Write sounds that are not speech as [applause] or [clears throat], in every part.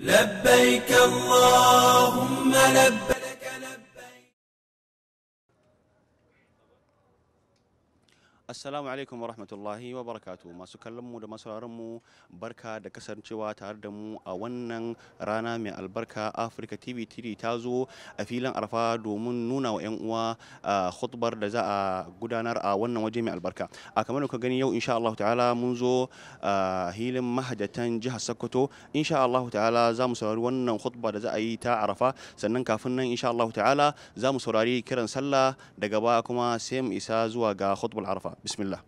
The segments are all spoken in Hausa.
لبيك اللهم لبيك Assalamu alaikum wa barakatu masu kallon da masu mu barka da kasancewa tare da mu a wannan rana mai albarka Africa TV 3 ta zo a filin arfa domin nuna wa 'yan uwa khutbar da za a gudanar a wannan waje mai albarka. A kamar ka gani yau insha Allah ta'ala mun zo hilin mahajatan jihar Sokoto insha Allah ta'ala za mu saurari wannan khutba da za a yi ta arafa sannan kafin nan insha Allah ta'ala za mu saurari kiran sallah daga baya kuma sai mu isa zuwa ga hutubar arafa. بسم الله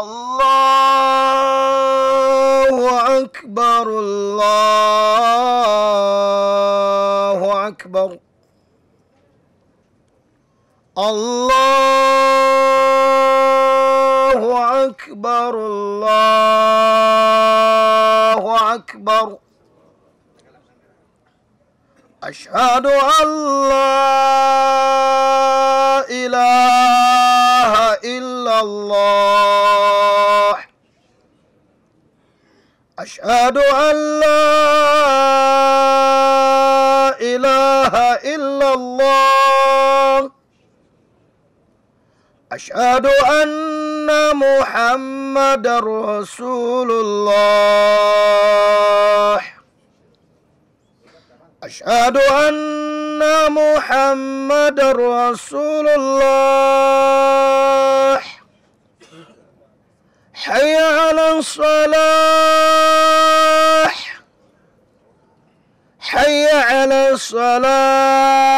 الله أكبر الله أكبر الله أكبر الله أكبر أشهد أن لا إله الله أشهد أن لا إله إلا الله أشهد أن محمد رسول الله أشهد أن محمد رسول الله حي على الصلاح حي على الصلاح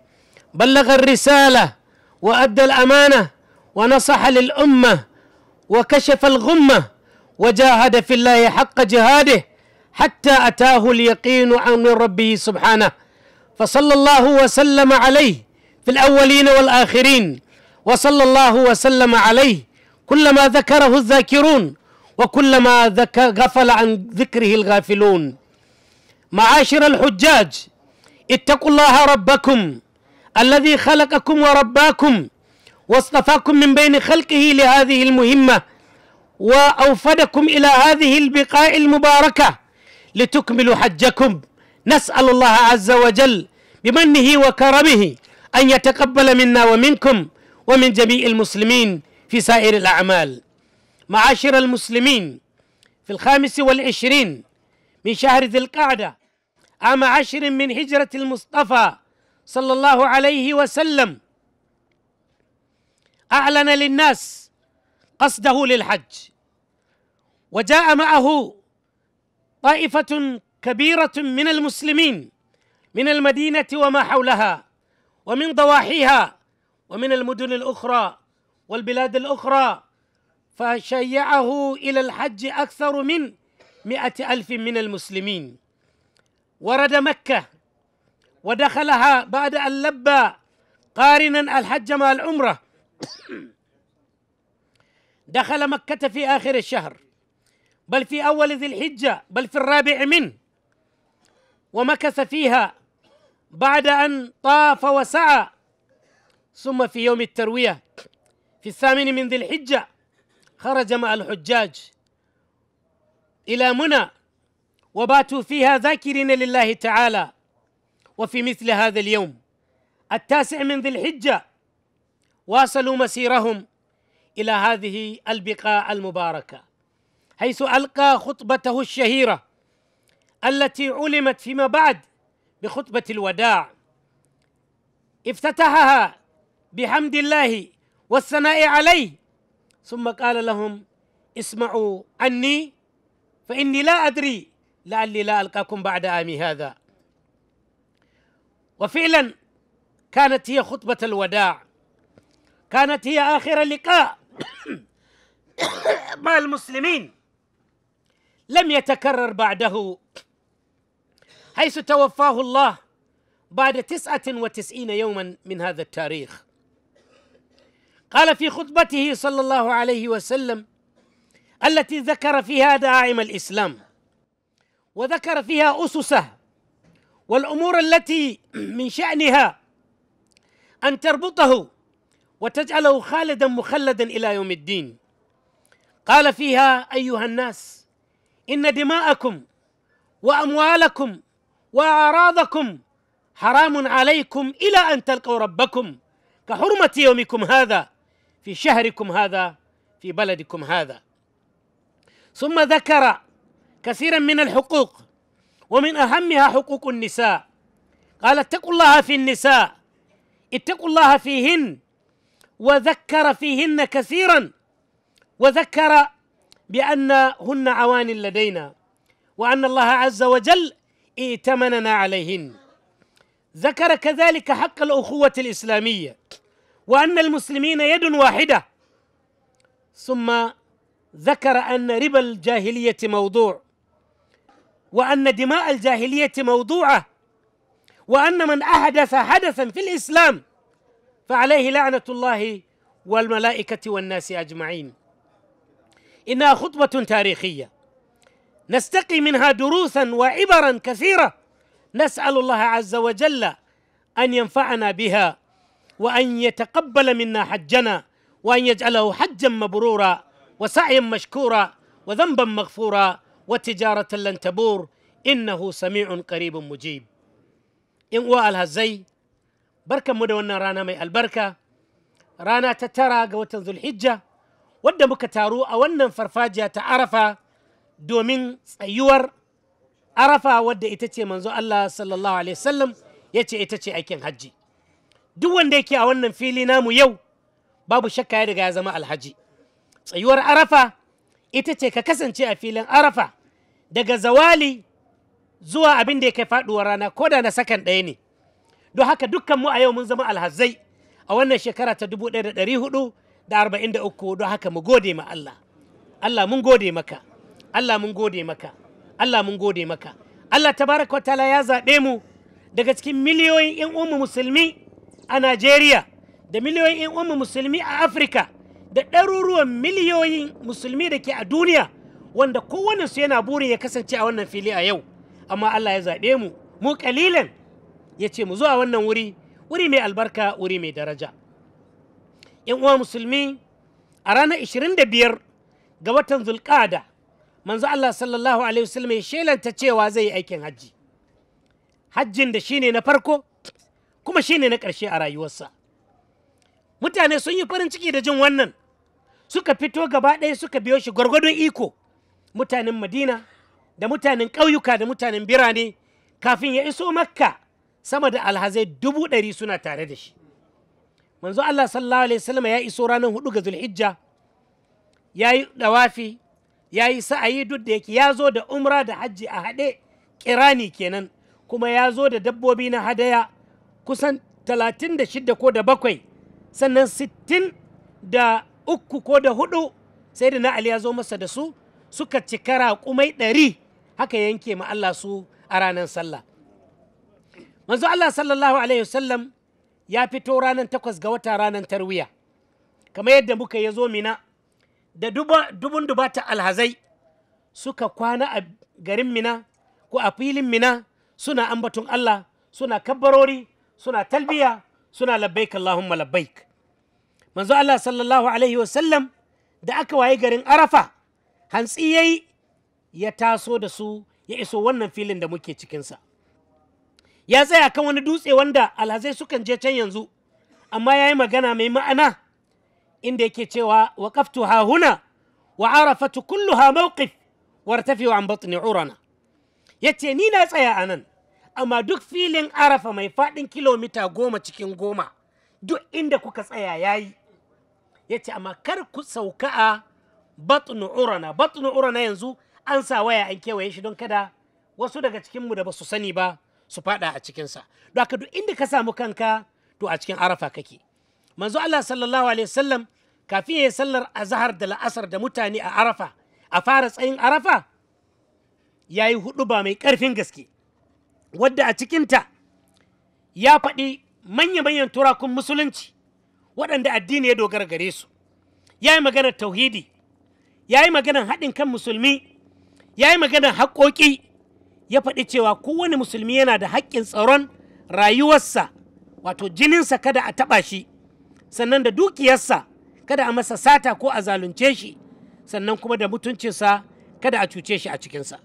بلغ الرسالة وأدى الأمانة ونصح للأمة وكشف الغمة وجاهد في الله حق جهاده حتى أتاه اليقين عن ربه سبحانه فصلى الله وسلم عليه في الأولين والآخرين وصلى الله وسلم عليه كلما ذكره الذاكرون وكلما ذك غفل عن ذكره الغافلون معاشر الحجاج اتقوا الله ربكم الذي خلقكم ورباكم واصطفاكم من بين خلقه لهذه المهمه واوفدكم الى هذه البقاع المباركه لتكملوا حجكم نسال الله عز وجل بمنه وكرمه ان يتقبل منا ومنكم ومن جميع المسلمين في سائر الاعمال معاشر المسلمين في الخامس والعشرين من شهر ذي القعده عام عشر من هجره المصطفى صلى الله عليه وسلم اعلن للناس قصده للحج وجاء معه طائفه كبيره من المسلمين من المدينه وما حولها ومن ضواحيها ومن المدن الاخرى والبلاد الاخرى فشيعه الى الحج اكثر من مئة ألف من المسلمين ورد مكة ودخلها بعد أن لبى قارنا الحج مع العمرة دخل مكة في آخر الشهر بل في أول ذي الحجة بل في الرابع منه ومكث فيها بعد أن طاف وسعى ثم في يوم التروية في الثامن من ذي الحجة خرج مع الحجاج إلى منى وباتوا فيها ذاكرين لله تعالى وفي مثل هذا اليوم التاسع من ذي الحجة واصلوا مسيرهم إلى هذه البقاع المباركة حيث ألقى خطبته الشهيرة التي علمت فيما بعد بخطبة الوداع افتتحها بحمد الله والثناء عليه ثم قال لهم اسمعوا عني فإني لا أدري لعلي لا ألقاكم بعد عامي هذا وفعلا كانت هي خطبة الوداع كانت هي آخر لقاء [coughs] مع المسلمين لم يتكرر بعده حيث توفاه الله بعد تسعة وتسعين يوما من هذا التاريخ قال في خطبته صلى الله عليه وسلم التي ذكر فيها داعم الإسلام وذكر فيها أسسه والامور التي [clears throat] من شانها ان تربطه وتجعله خالدا مخلدا الى يوم الدين قال فيها ايها الناس ان دماءكم واموالكم واعراضكم حرام عليكم الى ان تلقوا ربكم كحرمه يومكم هذا في شهركم هذا في بلدكم هذا ثم ذكر كثيرا من الحقوق ومن أهمها حقوق النساء قال اتقوا الله في النساء اتقوا الله فيهن وذكر فيهن كثيرا وذكر بأنهن عوان لدينا وأن الله عز وجل ائتمننا عليهن ذكر كذلك حق الأخوة الإسلامية وأن المسلمين يد واحدة ثم ذكر أن ربا الجاهلية موضوع وأن دماء الجاهلية موضوعة وأن من أحدث حدثا في الإسلام فعليه لعنة الله والملائكة والناس أجمعين إنها خطبة تاريخية نستقي منها دروسا وعبرا كثيرة نسأل الله عز وجل أن ينفعنا بها وأن يتقبل منا حجنا وأن يجعله حجا مبرورا وسعيا مشكورا وذنبا مغفورا jara وتجارة لن تبور إنه سميع Alhazai مجيب mu da wannan rana mai albarka. Rana ta tara ga watan Zulhijja. wadda muka taru a wannan farfajiya ta arafa domin tsayuwar arafa wadda ita ce manzo Allah sallallahu alaihi wasallam ya ce ita ce aikin hajji duk wanda yake a wannan fili namu yau babu shakka ya riga ya zama alhaji tsayuwar arafa ita ce ka kasance a filin arafa daga zawali zuwa abin da ya kai faduwar rana ko da na sakan ɗaya ne don haka dukkan mu a yau mun zama alhazai a wannan shekara ta 1443 don haka mu gode ma Allah Allah mun gode maka Allah mun gode maka Allah mun gode maka Allah tabaraka wataala ya zaɓe mu daga cikin miliyoyin 'yan ummu musulmi a Najeriya da miliyoyin 'yan ummu musulmi a Afirka da ɗaruruwan miliyoyin musulmi da ke a duniya wanda kowane su yana burin ya kasance a wannan fili a yau amma Allah ya zaɓe mu mu kalilan ya ce mu zuwa wannan wuri wuri mai albarka wuri mai daraja yan uwa musulmi a ranar 25 ga watan zulƙada manzo Allah sallallahu alaihi wasallam ya shelanta cewa zai yi aikin hajji hajjin da shine na farko kuma shine na ƙarshe a rayuwarsa mutane sun yi farin ciki da jin wannan suka fito gaba ɗaya suka biyo shi gwargwadon iko mutanen madina da mutanen ƙauyuka da mutanen birane kafin ya iso makka sama da alhazai dubu ɗari suna tare da shi manzo allah sallallahu alaihi wasallam ya iso ranar hudu ga zulhijja ya yi ɗawafi ya yi sa'ayi duk da yake ya zo da umra da hajji a haɗe kirani kenan kuma ya zo da dabbobi na hadaya kusan talatin da shida ko da bakwai sannan sittin da uku ko da hudu sai da na ali ya zo masa da su suka cika raƙumai ɗari haka yanke ma Allah su a ranar sallah manzo Allah sallallahu alaihi wasallam ya fito ranar takwas ga wata ranar tarwiya kamar yadda muka ya zo mina da dubun dubata alhazai suka kwana a garin mina ko a filin mina suna ambaton Allah suna kabbarori suna talbiya suna labbaik Allahumma labbaik manzo Allah sallallahu alaihi sallam da aka waye garin Arafa hantsi yayi ya taso da su ya iso wannan filin da muke cikinsa ya tsaya kan wani dutse wanda alhazai sukan je can yanzu amma ya yi magana mai ma'ana inda yake cewa waƙaftu ha huna wa arafatu kulluha mawqif wartafi an batni urana yace ni na tsaya anan amma duk filin arafa mai faɗin kilomita goma cikin goma duk inda kuka tsaya ya yi ya ce amma kar ku sauka a batnu urana batnu urana yanzu an sa waya an kewaye shi don kada wasu daga cikinmu da ba su sani ba su faɗa a cikinsa don haka duk inda ka samu kanka to a cikin arafa kake manzo allah sallallahu alaihi wasallam kafin ya yi sallar azahar da la'asar da mutane a arafa a fara tsayin arafa ya yi hudu ba mai ƙarfin gaske wadda a cikinta ya faɗi manya-manyan turakun musulunci waɗanda addini ya dogara gare su ya yi maganar tauhidi ya yi maganar haɗin kan musulmi ya yi maganar haƙoƙi ya faɗi cewa kowane musulmi yana da haƙƙin tsaron rayuwarsa wato jininsa kada a taɓa shi sannan da dukiyarsa kada a masa sata ko a zalunce shi sannan kuma da mutuncinsa kada a cuce shi a cikinsa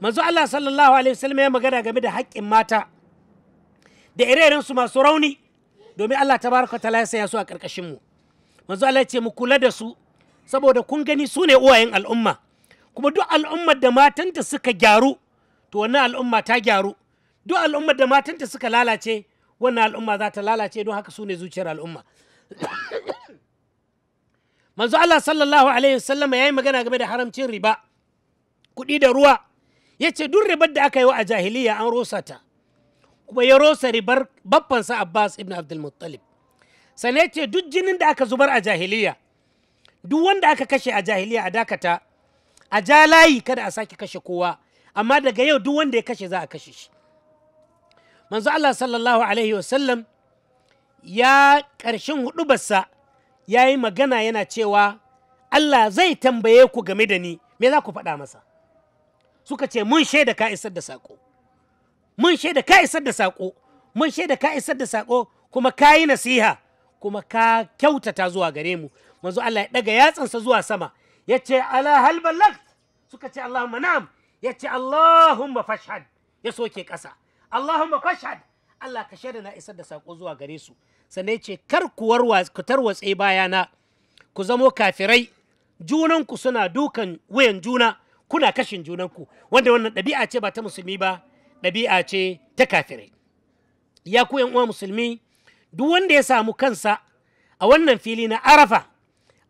manzo Allah sallallahu alaihi wasallam ya magana game da haƙƙin mata da ire su masu rauni domin Allah tabaraka ta'ala ya saya su a ƙarƙashin mu manzo Allah ya ce mu kula da su saboda kun gani su ne uwayen al'umma kuma duk al'ummar da matanta suka gyaru to wannan al'umma ta gyaru duk al'ummar da matanta suka lalace wannan al'umma za ta lalace don haka su ne zuciyar al'umma manzo Allah sallallahu alaihi wasallam ya yi magana game da haramcin riba kuɗi da ruwa ya ce duk ribar da aka yi wa a jahiliya an rusa ta kuma ya rosa ribar babbansa abbas ibn abdulmuttalib sane ya ce duk jinin da aka zubar a jahiliya duk wanda aka kashe a jahiliya a dakata a ja layi kada a sake kashe kowa amma daga yau duk wanda ya kashe za a kashe shi manzo allah sallallahu alaihi wasallam ya karshen hudubarsa ya yi magana yana cewa allah zai tambaye ku game da ni me za ku faɗa masa suka ce mun shaida ka isar da sako mun shaida ka isar da sako mun shaida ka isar da sako kuma ka yi nasiha kuma ka kyautata zuwa gare mu manzo Allah ya daga yatsansa zuwa sama ya ce ala hal ballag suka ce Allahumma na'am ya ce Allahumma fashhad ya soke ƙasa Allahumma fashhad Allah ka shaida na isar da sako zuwa gare su sannan ya ce kar ku tarwatse bayana ku zamo kafirai junanku suna dukan wuyan juna kuna kashin junanku wanda wannan ɗabi'a ce ba ta musulmi ba ɗabi'a ce ta kafirai ya ku yan uwa musulmi duk wanda ya samu kansa a wannan fili na arafa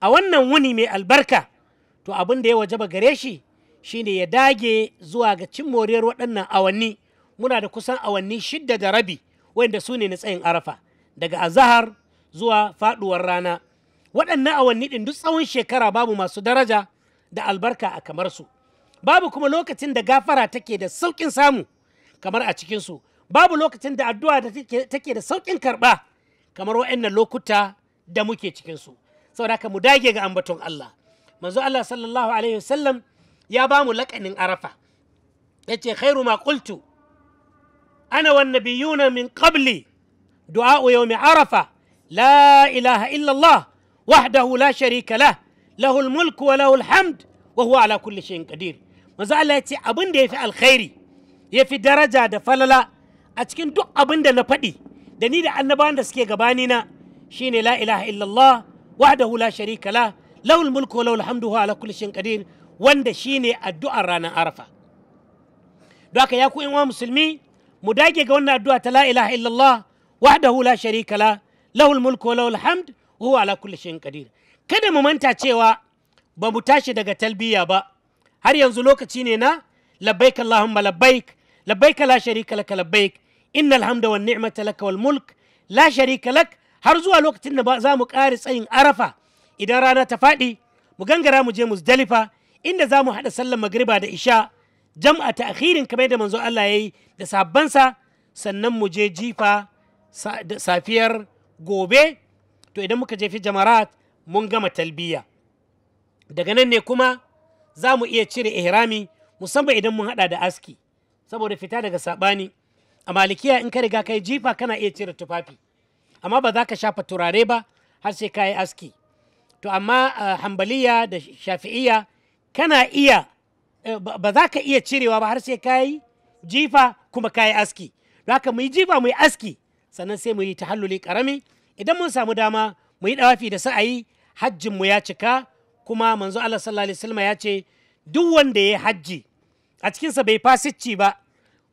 a wannan wuni mai albarka to abin da ya wajaba gare shi shine ya dage zuwa ga cin moriyar waɗannan awanni muna da kusan awanni shidda da rabi wanda su ne na tsayin arafa daga azahar zuwa faɗuwar rana waɗannan awanni ɗin duk tsawon shekara babu masu daraja da albarka a kamar su babu kuma lokacin da gafara take da sauƙin samu kamar a cikinsu babu lokacin da addu'a da take da sauƙin karɓa kamar wa'annan lokuta da muke cikinsu saboda haka mu dage ga ambaton Allah manzo Allah sallallahu alaihi wasallam ya ba mu laƙanin arafa ya ce khairu ma qultu ana wan nabiyuna min qabli du'a'u yawmi arafa la ilaha illa Allah wahdahu la sharika lah lahu al-mulku wa lahu al-hamd wa huwa ala kulli shay'in manzo Allah ya ce abin da ya fi alkhairi yafi daraja da falala a cikin duk abin da na faɗi da ni da annabawan da suke gabani na shine la ilaha illallah wahdahu la sharika la lahul mulku wa lahul hamdu wa ala kulli shay'in qadir wanda shine addu'ar ranar arafa don ya ku wa musulmi mu dage ga wannan addu'a ta la ilaha illallah wahdahu la sharika la lahul mulku wa lahul hamd ala kulli shay'in qadir kada mu manta cewa ba mu tashi daga talbiya ba har yanzu lokaci ne na labbaik Allahumma labbaik labbaik la sharika laka labbaik innal hamda wan ni'mata laka wal mulk la sharika lak har zuwa lokacin da za mu ƙare tsayin arafa idan rana ta faɗi mu gangara mu je muzdalifa inda za mu haɗa sallar magriba da isha jam'a ta akhirin kamar da manzo Allah ya yi da sabbansa sannan mu je jifa safiyar gobe to idan muka jefi jamarat mun gama talbiya daga nan ne kuma za mu iya cire ihrami musamman idan mun hada da aski saboda fita daga sabani a malikiya in ka riga kai jifa kana iya cire tufafi amma ba za ka shafa turare ba har sai ka yi aski to amma eh, hambaliya da shafi'iya kana iya eh, ba za ka iya cirewa ba har sai ka yi jifa kuma ka yi aski don haka mu yi jifa mu yi aski sannan sai mu yi tahalluli karami idan mun samu dama mu yi dawafi da sa'ayi hajjin mu ya cika kuma manzo Allah sallallahu alaihi wasallam ya ce duk wanda ya hajji a cikinsa bai fasicci ba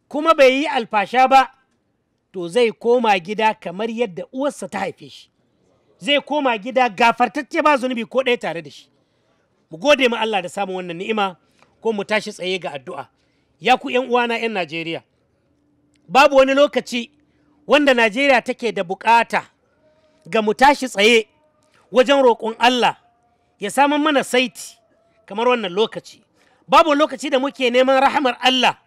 kuma bai yi alfasha ba to zai koma gida kamar yadda uwarsa ta haife shi zai koma gida gafartacce ba zunubi ko ɗaya tare da shi mu gode ma Allah da samun wannan ni'ima ko mu tashi tsaye ga addu'a ya ku yan uwana yan Najeriya babu wani lokaci wanda Najeriya take da bukata ga mu tashi tsaye wajen roƙon Allah ya saman mana saiti kamar wannan lokaci babu lokaci da muke neman rahamar Allah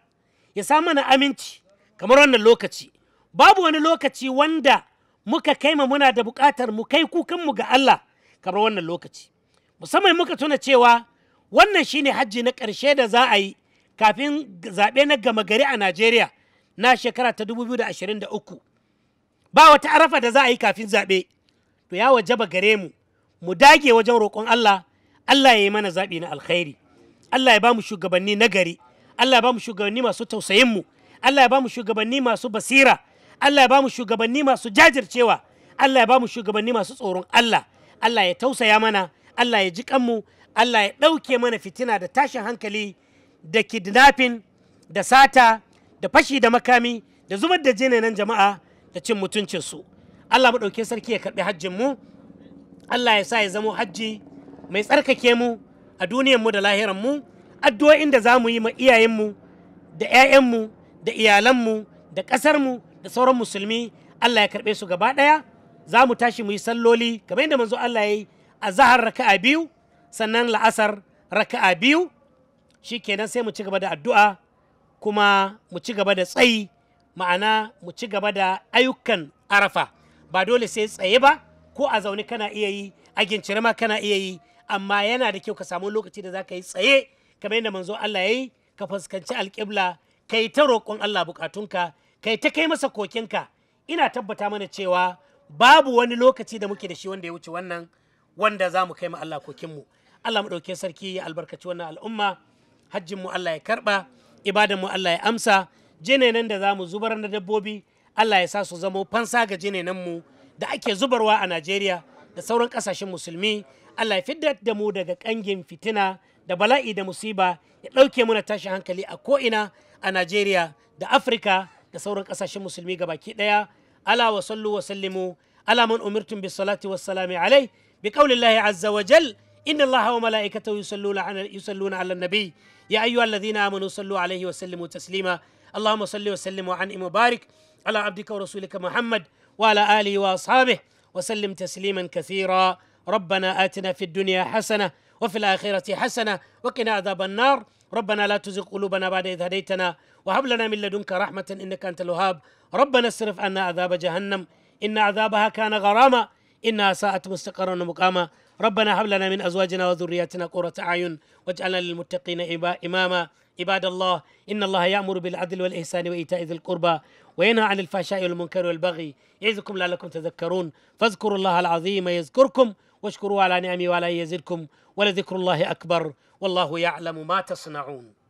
ya sa mana aminci kamar wannan lokaci babu wani lokaci wanda muka kai ma muna da buƙatar mu kai kukanmu ga Allah kamar wannan lokaci musamman muka tuna cewa wannan shine hajji na ƙarshe da za a yi kafin zaɓe na gama gari a Najeriya na shekara ta 2023 ba wata arafa da za a yi kafin zaɓe to ya wajaba gare mu mu dage wajen roƙon Allah Allah ya yi mana zaɓi na alkhairi Allah ya ba mu shugabanni na gari Allah ya ba mu shugabanni masu tausayin mu Allah ya ba mu shugabanni masu basira Allah ya ba mu shugabanni masu jajircewa Allah ya ba mu shugabanni masu tsoron Allah Allah ya tausaya mana Allah ya ji kanmu Allah ya ɗauke mana fitina da tashin hankali da kidnapping da sata da fashi da makami da zubar da nan jama'a da cin mutuncinsu Allah mu ɗauke sarki ya karɓi hajjin mu Allah ya sa ya zamo hajji mai tsarkake mu a duniyarmu da lahiran mu addu'o'in da za mu yi ma iyayen mu da 'ya'yanmu da iyalanmu da ƙasarmu da sauran musulmi Allah ya karɓe su gaba ɗaya za mu tashi mu yi salloli kamar yadda manzo Allah ya yi a zahar raka'a biyu sannan la'asar raka'a biyu shi kenan sai mu ci gaba da addu'a kuma mu ci gaba da tsayi ma'ana mu ci gaba da ayyukan arafa ba dole sai tsaye ba ko a zaune kana iya yi a gincire ma kana iya yi amma yana da kyau ka samu lokaci da za ka yi tsaye kamar yadda manzo Allah ya yi ka fuskanci alƙibla ka yi ta roƙon Allah buƙatunka ka yi ta kai masa kokinka ina tabbata mana cewa babu wani lokaci da muke da shi wanda ya wuce wannan wanda za mu kai ma Allah kokinmu Allah mu ɗauke sarki ya albarkaci wannan al'umma hajjin mu Allah ya karɓa ibadan mu Allah ya amsa jinenan da za mu zubar na dabbobi Allah ya sa su zama fansa ga jinenan mu da ake zubarwa a najeriya da sauran kasashen musulmi allah ya fidda da mu daga kangin fitina da bala'i da musiba ya ɗauke muna tashin hankali a ko'ina a najeriya da afirka da sauran kasashen musulmi gabaki ɗaya ala wa sallu wa sallimu ala man umirtum bi salati wa salami alai bi qaulillahi azza wa jal إن الله وملائكته يصلون على يصلون على النبي يا أيها الذين آمنوا صلوا عليه وسلموا تسليما اللهم صل وسلم وعنئم وبارك على عبدك ورسولك محمد وعلى اله واصحابه وسلم تسليما كثيرا ربنا اتنا في الدنيا حسنه وفي الاخره حسنه وقنا عذاب النار ربنا لا تزغ قلوبنا بعد اذ هديتنا وهب لنا من لدنك رحمه انك انت الوهاب ربنا اصرف عنا عذاب جهنم ان عذابها كان غراما انها ساءت مستقرا ومقاما ربنا هب لنا من ازواجنا وذرياتنا قرة اعين واجعلنا للمتقين اماما عباد الله ان الله يامر بالعدل والاحسان وايتاء ذي القربى وينهى عن الفحشاء والمنكر والبغي يعظكم لعلكم تذكرون فاذكروا الله العظيم يذكركم واشكروا على نعمه وعلى يزدكم ولذكر الله اكبر والله يعلم ما تصنعون